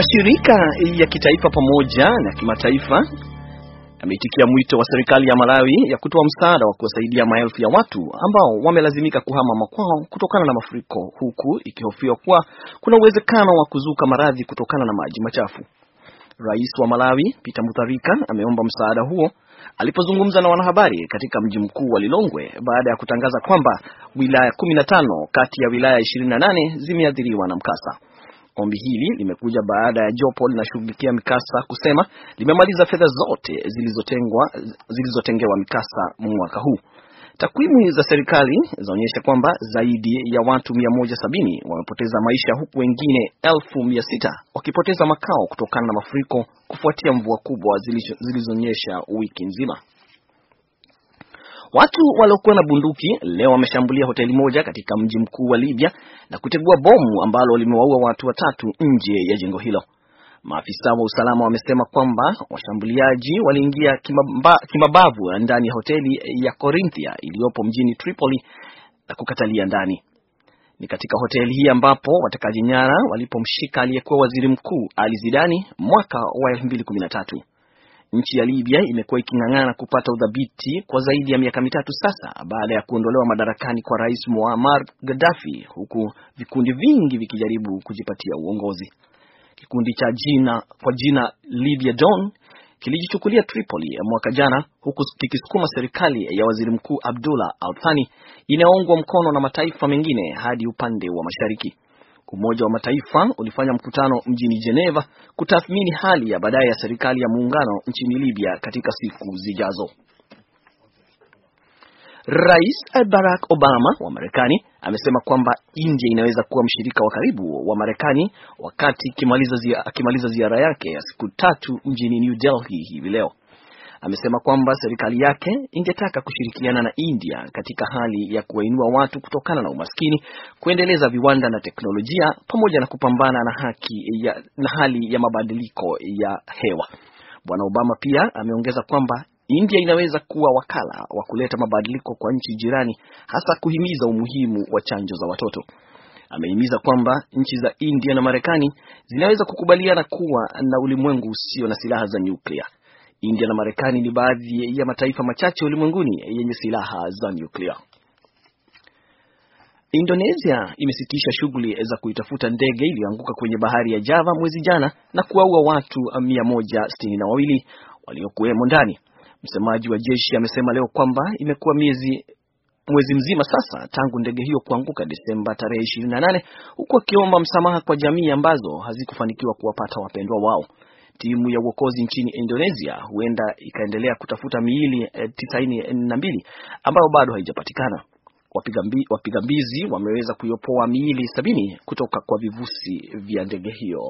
Mashirika ya kitaifa pamoja na kimataifa yameitikia mwito wa serikali ya Malawi ya kutoa msaada wa kuwasaidia maelfu ya watu ambao wamelazimika kuhama makwao kutokana na mafuriko, huku ikihofiwa kuwa kuna uwezekano wa kuzuka maradhi kutokana na maji machafu. Rais wa Malawi Peter Mutharika ameomba msaada huo alipozungumza na wanahabari katika mji mkuu wa Lilongwe baada ya kutangaza kwamba wilaya 15 kati ya wilaya 28 zimeathiriwa na mkasa. Ombi hili limekuja baada ya jopo linashughulikia mikasa kusema limemaliza fedha zote zilizotengwa zilizotengewa mikasa mwaka huu. Takwimu za serikali zaonyesha kwamba zaidi ya watu 170 wamepoteza maisha huku wengine 600 wakipoteza makao kutokana na mafuriko kufuatia mvua kubwa zilizonyesha wiki nzima. Watu waliokuwa na bunduki leo wameshambulia hoteli moja katika mji mkuu wa Libya na kutegua bomu ambalo limewaua watu watatu nje ya jengo hilo. Maafisa wa usalama wamesema kwamba washambuliaji waliingia kimabavu ndani ya hoteli ya Corinthia iliyopo mjini Tripoli na kukatalia ndani. Ni katika hoteli hii ambapo watekaji nyara walipomshika aliyekuwa waziri mkuu Ali Zidani mwaka wa 2013. Nchi ya Libya imekuwa iking'ang'ana kupata udhabiti kwa zaidi ya miaka mitatu sasa baada ya kuondolewa madarakani kwa Rais Muammar Gaddafi, huku vikundi vingi vikijaribu kujipatia uongozi. Kikundi cha jina kwa jina Libya Dawn kilijichukulia Tripoli mwaka jana, huku kikisukuma serikali ya Waziri Mkuu Abdullah althani inayoungwa mkono na mataifa mengine hadi upande wa mashariki. Umoja wa Mataifa ulifanya mkutano mjini Geneva kutathmini hali ya baadaye ya serikali ya muungano nchini Libya katika siku zijazo. Rais Barack Obama wa Marekani amesema kwamba India inaweza kuwa mshirika wa karibu wa Marekani wakati akimaliza ziara yake ya siku tatu mjini New Delhi hivi leo amesema kwamba serikali yake ingetaka kushirikiana na India katika hali ya kuwainua watu kutokana na umaskini, kuendeleza viwanda na teknolojia, pamoja na kupambana na, haki ya, na hali ya mabadiliko ya hewa. Bwana Obama pia ameongeza kwamba India inaweza kuwa wakala wa kuleta mabadiliko kwa nchi jirani, hasa kuhimiza umuhimu wa chanjo za watoto. Amehimiza kwamba nchi za India na Marekani zinaweza kukubaliana kuwa na ulimwengu usio na silaha za nyuklia. India na Marekani ni baadhi ya mataifa machache ulimwenguni yenye silaha za nyuklia. Indonesia imesitisha shughuli za kuitafuta ndege iliyoanguka kwenye bahari ya Java mwezi jana na kuwaua watu wawili waliokuwemo ndani. Msemaji wa jeshi amesema leo kwamba imekuwa miezi mwezi mzima sasa tangu ndege hiyo kuanguka Desemba tarehe 28, huku akiomba msamaha kwa jamii ambazo hazikufanikiwa kuwapata wapendwa wao. Timu ya uokozi nchini Indonesia huenda ikaendelea kutafuta miili eh, na mbili ambayo bado haijapatikana. Wapiga wapiga mbizi wameweza kuiopoa miili sabini kutoka kwa vivusi vya ndege hiyo.